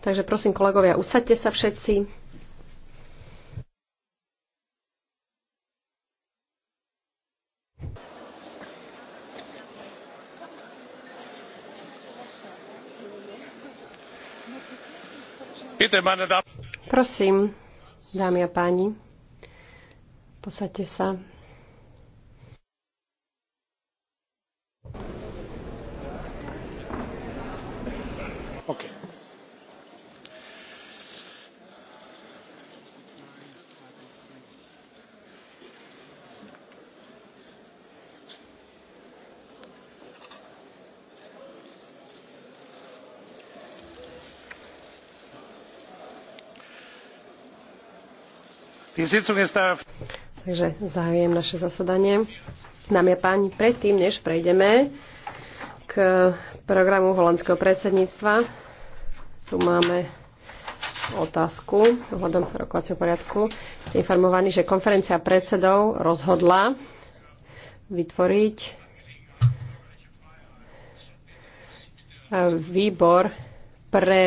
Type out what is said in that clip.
Takže prosím kolegovia, usaďte sa všetci. Prosím, dámy a páni. Posaďte sa. Okay. die sitzung ist eröffnet. Takže zahajujem naše zasadanie. Dámy a páni, predtým, než prejdeme k programu holandského predsedníctva, tu máme otázku ohľadom rokovacieho poriadku. Ste informovaní, že konferencia predsedov rozhodla vytvoriť výbor pre